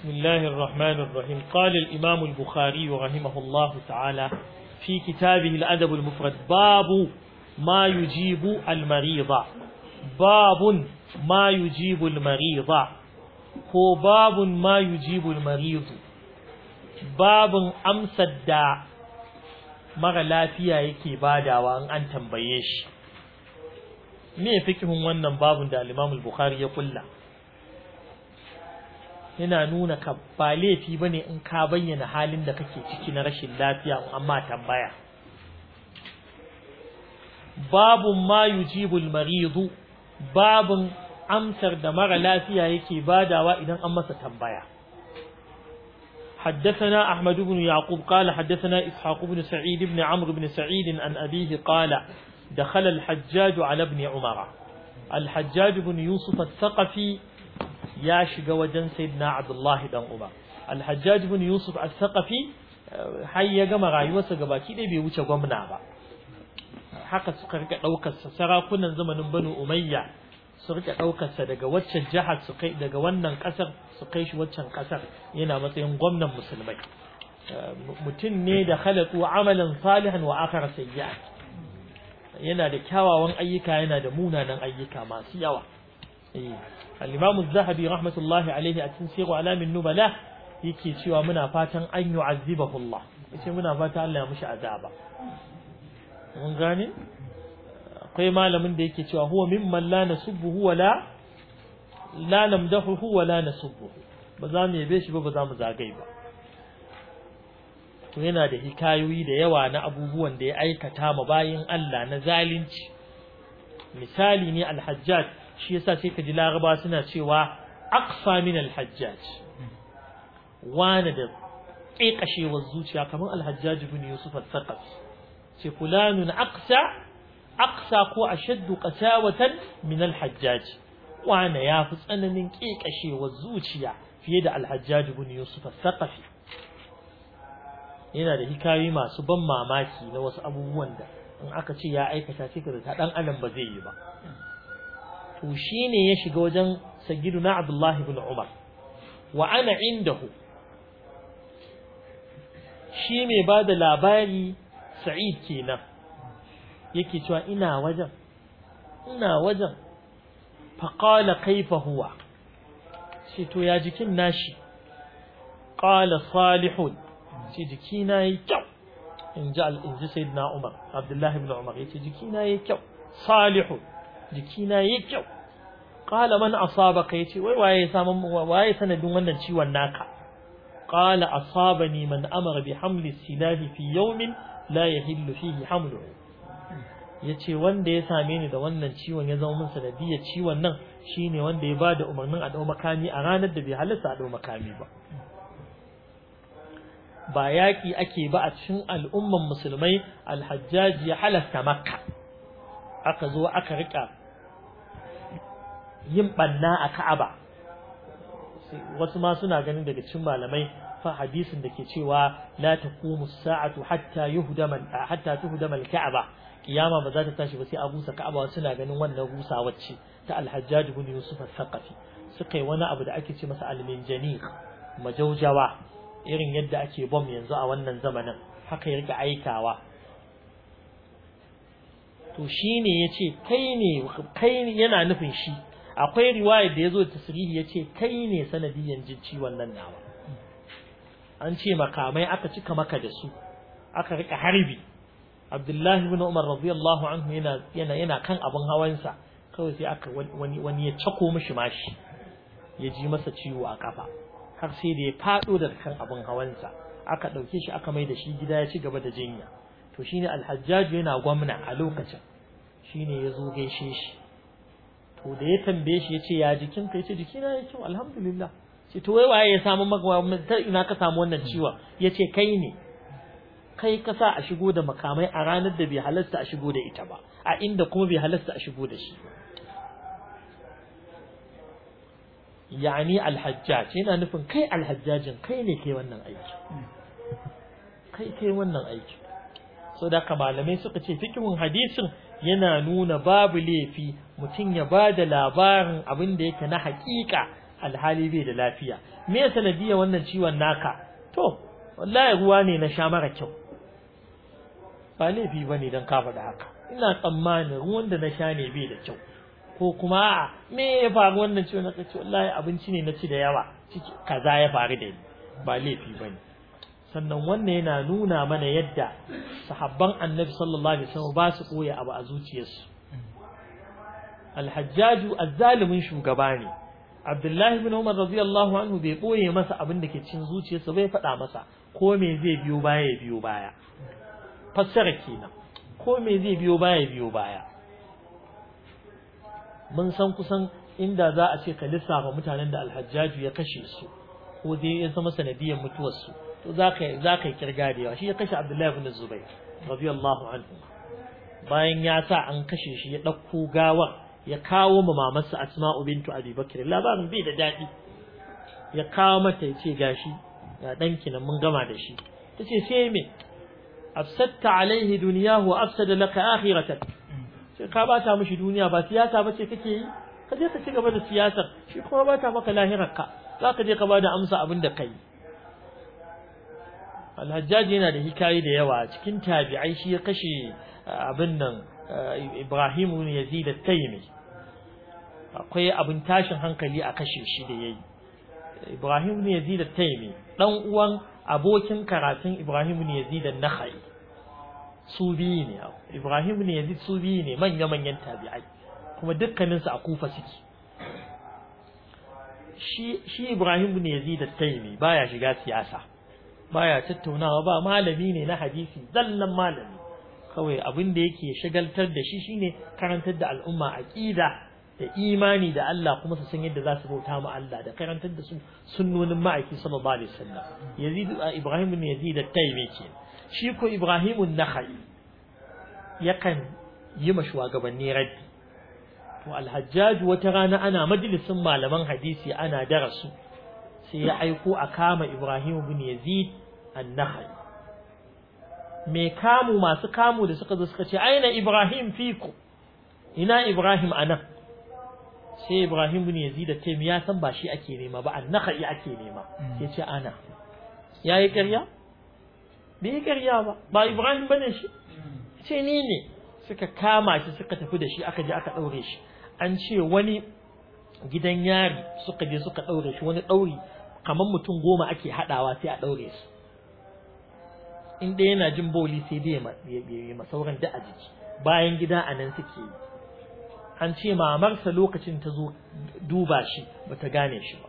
بسم الله الرحمن الرحيم قال الإمام البخاري رحمه الله تعالى في كتابه الأدب المفرد باب ما يجيب المريض باب ما يجيب المريض هو باب ما يجيب المريض باب أمس الداء mara lafiya yake badawa in an tambaye shi me fikihun wannan babun da al-Imam al-Bukhari ya kulla yana nuna ka ba laifi ba ne in ka bayyana halin da kake ciki na rashin lafiya amma tambaya babu ma yujibul maridu babun amsar da mara lafiya yake badawa idan an masa tambaya حدثنا أحمد بن يعقوب قال حدثنا إسحاق بن سعيد بن عمرو بن سعيد عن أبيه قال دخل الحجاج على ابن عمر الحجاج بن يوسف الثقفي ya shiga wajen sayyidina abdullahi dan uba alhajjaj bin yusuf al-thaqafi eh, har ya gama rayuwarsa baki ɗaya bai wuce gwamna ba haka suka rika ɗaukar sa sarakunan zamanin banu umayya su rika daukar sa daga waccan jihar su kai daga wannan ƙasar su kai shi waccan ƙasar yana matsayin gwamnan musulmai eh, mutum ne da khalaqu amalan salihan wa akhar sayyi'a yana da kyawawan ayyuka yana da munanan ayyuka masu yawa Eh, al-imam az-zahabi rahmatullahi alaihi a cikin sirru alamin nubala yake cewa muna fatan an yu'azzibahu Allah yace muna Allah ya mushi azaba mun akwai malamin da yake cewa huwa mimman la nasubbuhu wala la namdahuhu wala nasubbuhu ba za mu yabe shi ba za mu zagaye ba to yana da hikayoyi da yawa na abubuwan da ya aikata ma bayan Allah na zalunci misali ne al shi yasa sai ka ji laraba suna cewa aqsa min al-hajjaj wani da kekashewar zuciya kamar al-hajjaj ibn yusuf al-thaqafi ce fulanun aqsa aqsa ko ashaddu qasawatan min al-hajjaj wani ya fi tsananin kekashewar zuciya fiye da al-hajjaj ibn yusuf al yana da hikayoyi masu ban mamaki na wasu abubuwan da in aka ce ya aikata shi ka ta dan adam ba zai yi ba to ne ya shiga wajen Sagidu na Abdullahi bin Umar wa ana indahu shi mai bada labari Sa'id kenan yake cewa ina wajen ina wajen faƙala kaifa huwa shi to ya jikin nashi ƙala salihun shi jikina ya yi kyau in ji al'inji na umar abdullahi bin umar ya ce jikina ya yi kyau salihun jikina yayi kyau ƙala man ka yace wai waye samun waye sanadin wannan ciwon naka qala asabani man amara bi hamli silahi fi yawmin la yahillu fihi hamluhu yace wanda ya same ni da wannan ciwon ya zama min sanadiyar ciwon nan shine wanda ya bada umarnin a dau makami a ranar da bai halarta a dau makami ba ba yaƙi ake ba a cikin al'umman musulmai alhajjaji ya halasta makka aka zo aka rika yin banna a Ka'aba wasu ma suna ganin daga cikin malamai fa hadisin da ke cewa la taqumu saatu hatta yuhdama hatta tuhdama al-Ka'aba kiyama ba za ta tashi ba sai a busa Ka'aba suna ganin wannan rusa wacce ta Al-Hajjaj ibn Yusuf al-Thaqafi suka yi wani abu da ake ce masa al-minjani majaujawa irin yadda ake bom yanzu a wannan zamanin haka ya rika aikawa to shine yace kai ne kai ne yana nufin shi akwai riwaya da yazo tasrihi yace kai ne sanadiyan jin ciwon nan nawa an ce makamai aka cika maka da su aka rika harbi Abdullahi ibn Umar radiyallahu anhu yana yana yana kan abin hawansa kawai sai aka wani wani ya cako mishi mashi ya ji masa ciwo a kafa har sai da ya fado da kan abin hawansa aka dauke shi aka mai da shi gida ya ci gaba da jinya to shine alhajjaj yana gwamna a lokacin shine yazo gaishe shi to da ya tambaye shi yace ya jikin ka yace jikina ya yake alhamdulillah ce to wai waye ya samu maka ina ka samu wannan ciwon yace kai ne kai ka sa a shigo da makamai a ranar da bai halasta a shigo da ita ba a inda kuma bai halasta a shigo da shi yani alhajjaj yana nufin kai alhajjajin kai ne kai wannan aiki kai kai wannan aiki so da malamai suka ce fikihun hadisin yana nuna babu laifi mutum ya ba da labarin abin da yake na haƙiƙa alhali bai da lafiya me na biya wannan ciwon naka to wallahi ruwa ne na sha mara kyau ba laifi ba ne don ka faɗa haka ina tsammanin ruwan da na sha ne bai da kyau ko kuma me ya faru wannan ciwon naka ce wallahi abinci ne na ci da yawa kaza ya faru da ni ba laifi ba ne sannan wannan yana nuna mana yadda sahabban annabi sallallahu alaihi wasallam ba su koya abu a zuciyarsu alhajjaju azzalimin shugaba ne abdullahi ibn umar radiyallahu anhu bai koye masa abin da ke cin zuciyarsa bai faɗa masa ko me zai biyo baya ya biyo baya fassara kenan ko me zai biyo baya ya biyo baya mun san kusan inda za a ce ka lissafa mutanen da alhajjaju ya kashe su ko dai ya zama sanadiyar mutuwarsu to zaka zaka kirga da yawa shi ya kashe Abdullahi ibn Zubair radiyallahu anhu bayan ya sa an kashe shi ya dauko gawar ya kawo ma mamarsa Asma'u bintu Abi Bakr labarin bai da dadi ya kawo mata ya ce gashi ga danki nan mun gama da shi tace sai me afsadta alaihi dunyahu afsada laka akhiratak sai ka bata mishi duniya ba siyasa ce kake yi ka je ka ci gaba da siyasar shi kuma bata maka lahirarka zaka je ka bada amsa abin da kai alhajjaji yana da hikayi da yawa cikin tabi'ai shi ya kashe eh, abin nan eh, Ibrahim ibn Yazid al taymi akwai abin tashin hankali a kashe shi da yayi Ibrahim ibn Yazid al taymi dan uwan abokin karatun Ibrahim ibn Yazid al nakhai su biyu ne Ibrahim ibn Yazid su biyu ne manya manyan tabi'ai kuma dukkaninsu a Kufa suke shi Ibrahim ibn Yazid al taymi baya shiga siyasa baya tattaunawa ba malami ne na hadisi zallan malami kawai abin da yake shagaltar da shi shine karantar da al'umma aqida da imani da Allah kuma su san yadda za su bauta mu Allah da karantar da su sunnonin ma'aiki sallallahu alaihi wasallam Yazid Ibrahim ibn Yazid at-Taymi ke shi ko Ibrahim an-Nakhai yakan yi ma shugabanni raddi to al-Hajjaj wata rana ana majalisin malaman hadisi ana darasu sai ya aiko a kama Ibrahim bin Yazid an-Nahl me kamu masu kamu da suka zo suka ce aina Ibrahim fiku ina Ibrahim anan sai Ibrahim bin Yazid da taimi ya san ba shi ake nema ba an-Nahl ake nema sai ce ana yayi ƙarya bai yi ƙarya ba ba Ibrahim bane shi ce ni ne suka kama shi suka tafi da shi aka je aka daure shi an ce wani gidan yari suka je suka daure shi wani dauri. kamar mutum goma ake haɗawa sai a ɗaure su in ɗaya yana jin boli sai dai ya masauran da a jiki bayan gida a nan suke yi an ce mamarsa lokacin ta zo duba shi ba ta gane shi ba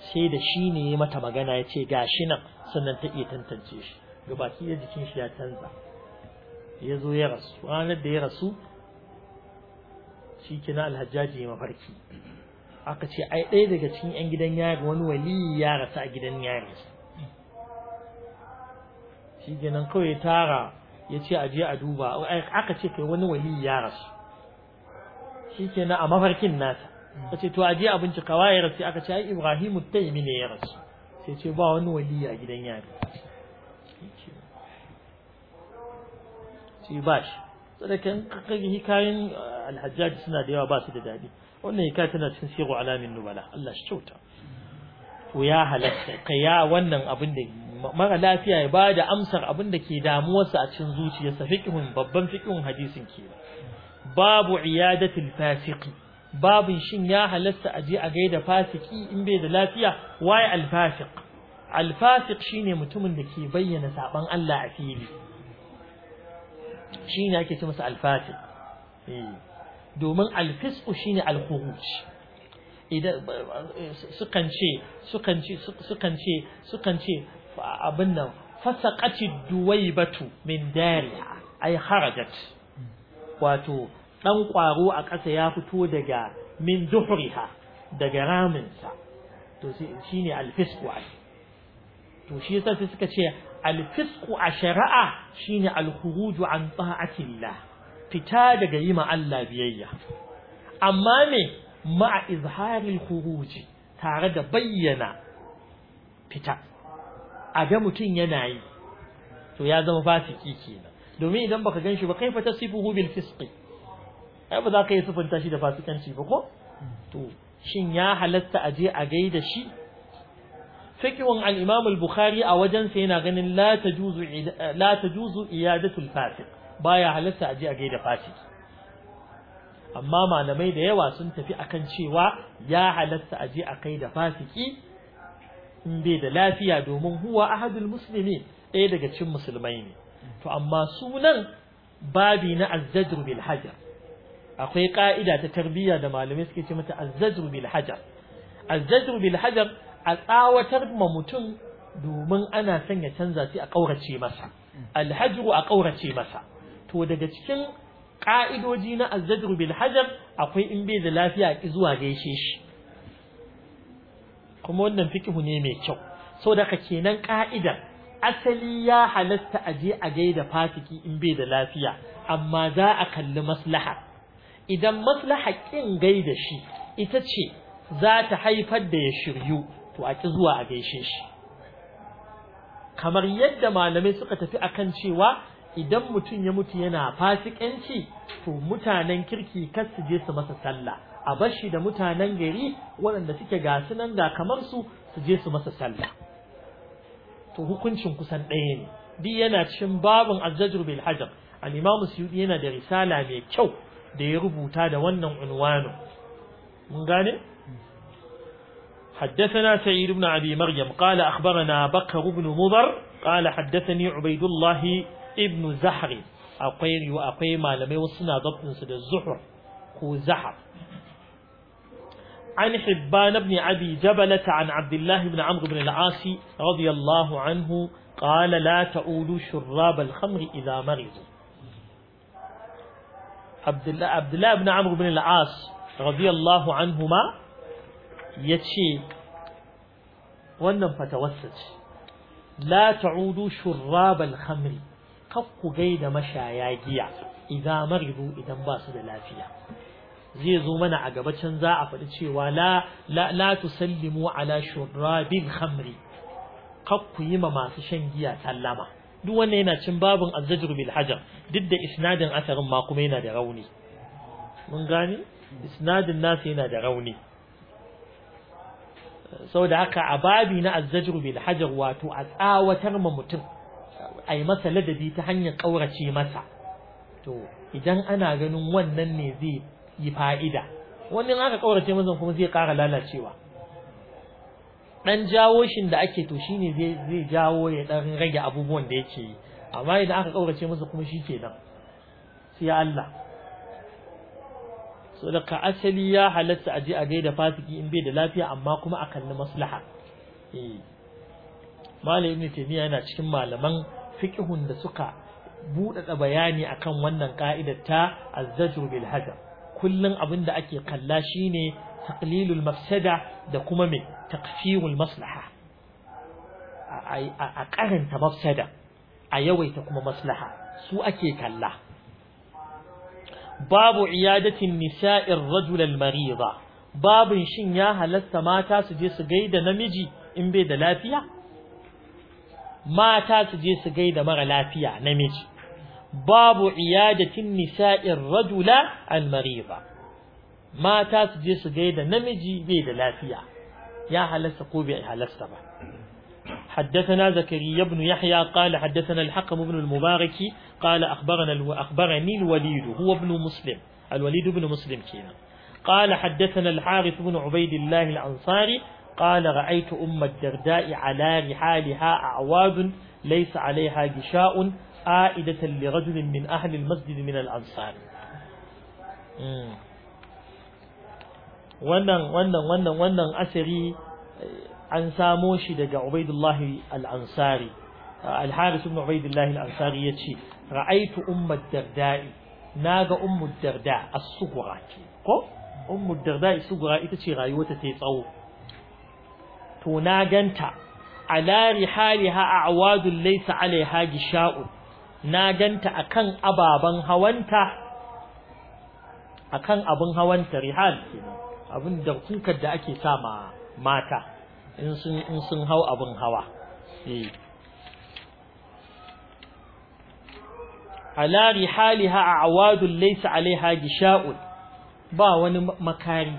sai da shi ne ya mata magana ya ce ga shi nan sannan ta iya tantance shi gabaki da jikin shi ya canza ya zo ya rasu ranar da ya rasu shi kina alhajjaji mafarki aka ce ai ɗaya daga cikin ƴan gidan yari wani wali ya rasu a gidan yari shi kenan kawai ya tara ya ce a je a duba aka ce kai wani wali ya rasu shi kenan a mafarkin nata ta ce to a je a bincika waye rasu aka ce ai ibrahimu taimi ne ya rasu sai ce ba wani wali a gidan yari ce ba shi sadaka kayan alhajjaji suna da yawa ba su da daɗi wannan hikaya tana cin siru alamin nubala Allah shi kyauta to ya halatta ka ya wannan abin da mara lafiya ya bada amsar abin da ke damuwarsa a cikin zuciyarsa fiqhun babban fiqhun hadisin ke babu iyadatul fasiqi babin shin ya halatta a je a gaida fasiki in bai da lafiya waye al alfasiq shine mutumin da ke bayyana saban Allah a fili shine ake ce masa alfasiq eh domin alfisku shine alkhuruj idan sukan ce sukan ce sukan ce sukan ce abin nan fasaqati duwaibatu min dariya, ai harajat wato dan kwaro a ƙasa ya fito daga min duhriha daga raminsa to shine alfisku to shi yasa suka ce alfisku a shari'a shine alkhuruj an ta'atillah fita daga yi ma Allah biyayya amma me ma'a izhari huruji tare da bayyana fita a ga mutum yana yi to ya zama fasiki kenan domin idan baka ganshi ba kaifa tasifuhu hubin fiski. ai ba za ka yi sifinta shi da fasikanci ba ko to shin ya halatta a je a gaida shi fikiwan al bukhari a wajen sa yana ganin la tajuzu la tajuzu baya halarta a je a gaida fasiki amma malamai da yawa sun tafi akan cewa ya halarta aje a kai da fasiki in bai da lafiya domin huwa ahadul muslimi ɗaya daga cikin musulmai ne to amma sunan babi na azzajr bil hajar akwai ka'ida ta tarbiyya da malamai suke ce mata azzajr bil hajar azzajr bil hajar a tsawatar ma mutum domin ana san ya canza shi a kaurace masa alhajru a kaurace masa to daga cikin ƙa'idoji na azzajir bil akwai in bai da lafiya ki zuwa gaishe shi kuma wannan fikihu ne mai kyau da ka kenan ƙa'idar asali ya halasta a je a gaida fasiki in bai da lafiya amma za a kalli maslaha idan maslaha ƙin gaida shi ita ce za ta haifar da ya shiryu to a ki zuwa a gaishe shi kamar yadda malamai suka tafi akan cewa idan mutum ya mutu yana fasikanci to mutanen kirki kar su je su masa sallah a bashi da mutanen gari waɗanda suke su nan da kamar su su je su masa sallah to hukuncin kusan ɗaya ne Bi yana cikin babin azzajr bil hajar al-imam suyudi yana da risala mai kyau da ya rubuta da wannan unwano mun gane حدثنا سعيد بن ƙala مريم قال أخبرنا بكر بن مضر قال حدثني عبيد الله ibnu zahri akwai yiwu akwai malamai wasu na gabin da zuhur ko zahar an hibba na ibn abi jabalata an abdullah ibn ibn al-asi al-khamr idha ibn amr ibn al-as radiyallahu anhuma yace wannan fatawassaci la ta'udu shurrab al kaf ku gaida mashaya giya idan maridu idan ba su da lafiya zai zo mana a gaba can za a faɗi cewa la la la tusallimu ala khamri kaf ku yi ma masu shan giya sallama duk wannan yana cin babin azzajr bil hajar duk da isnadin asarin ma kuma yana da rauni mun gane isnadin nasu yana da rauni saboda haka a babi na azzajr bil hajar wato a tsawatar ma mutum Ai masa ladabi ta hanyar ƙaurace masa to idan ana ganin wannan ne zai yi fa'ida wannan aka kaurace masa kuma zai ƙara lalacewa ɗan jawo shi da ake to shine zai jawo ya ɗan rage abubuwan da yake yi amma idan aka kaurace masa kuma shi kenan sai Allah so da ka asali ya halatta aje a gaida fasiki in bai da lafiya amma kuma a kalli maslaha eh malamin ne yana cikin malaman fiqhun da suka buɗaɗa bayani akan wannan ka'idar ta azzajru bil hajar kullun abin da ake kalla shine taqlilul mafsada da kuma me taqfirul maslaha a karanta mafsada a yawaita kuma maslaha su ake kalla babu iyadatin nisa'ir rajul al babun babin shin ya halatta mata su je su gaida namiji in bai da lafiya mata su je su gaida mara lafiya namiji babu iyadatin nisa'ir rajula al-mariba mata su je su gaida namiji bai da lafiya ya halasta ko bai halasta ba حدثنا زكريا بن يحيى قال حدثنا الحكم بن المبارك قال أخبرنا أخبرني الوليد هو ابن مسلم الوليد بن مسلم كينا قال حدثنا الحارث بن عبيد الله الأنصاري قال رأيت أم الدرداء على رحالها أعواد ليس عليها غشاء عائدة لرجل من أهل المسجد من الأنصار wannan wannan wannan wannan asiri eh, an samo shi daga Ubaidullah al-Ansari al-Harith ibn Ubaidullah al-Ansari yace ra'aytu ummat darda'i naga ummu darda as-sughra ko ummu darda as ita ce rayuwarta ta tsawo to na ganta ala rihaliha a'wadun laysa alaiha gisha'u na ganta akan ababan hawanta akan abun hawanta rihal abin da kukar da ake sama mata in sun in sun hau abin hawa eh ala rihaliha a'wadun laysa alaiha gisha'u ba wani makari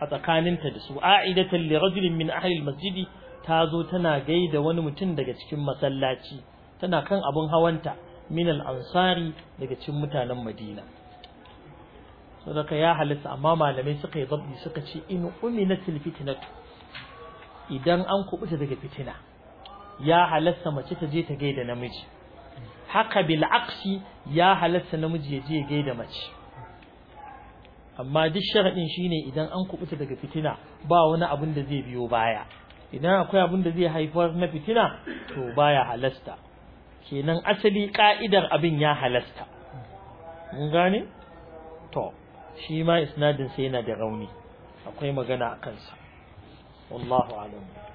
a tsakaninta da su a'idatan li rajulin min ahli al ta zo tana gaida wani mutum daga cikin masallaci tana kan abun hawanta min al-ansari daga cikin mutanen Madina sadaka ya halitta amma malamai suka yi babbi suka ce in uminatil fitnat idan an kubuta daga fitina ya halatta mace ta je ta gaida namiji haka bil aksi ya halatta namiji ya je gaida mace amma duk sharaɗin shine idan an kubuta daga fitina ba wani abin da zai biyo baya idan akwai abin da zai haifar na fitina to baya halasta kenan asali ka'idar abin ya halasta mun gane to shi ma isnadin sai yana da rauni akwai magana a kansa wallahu a'lam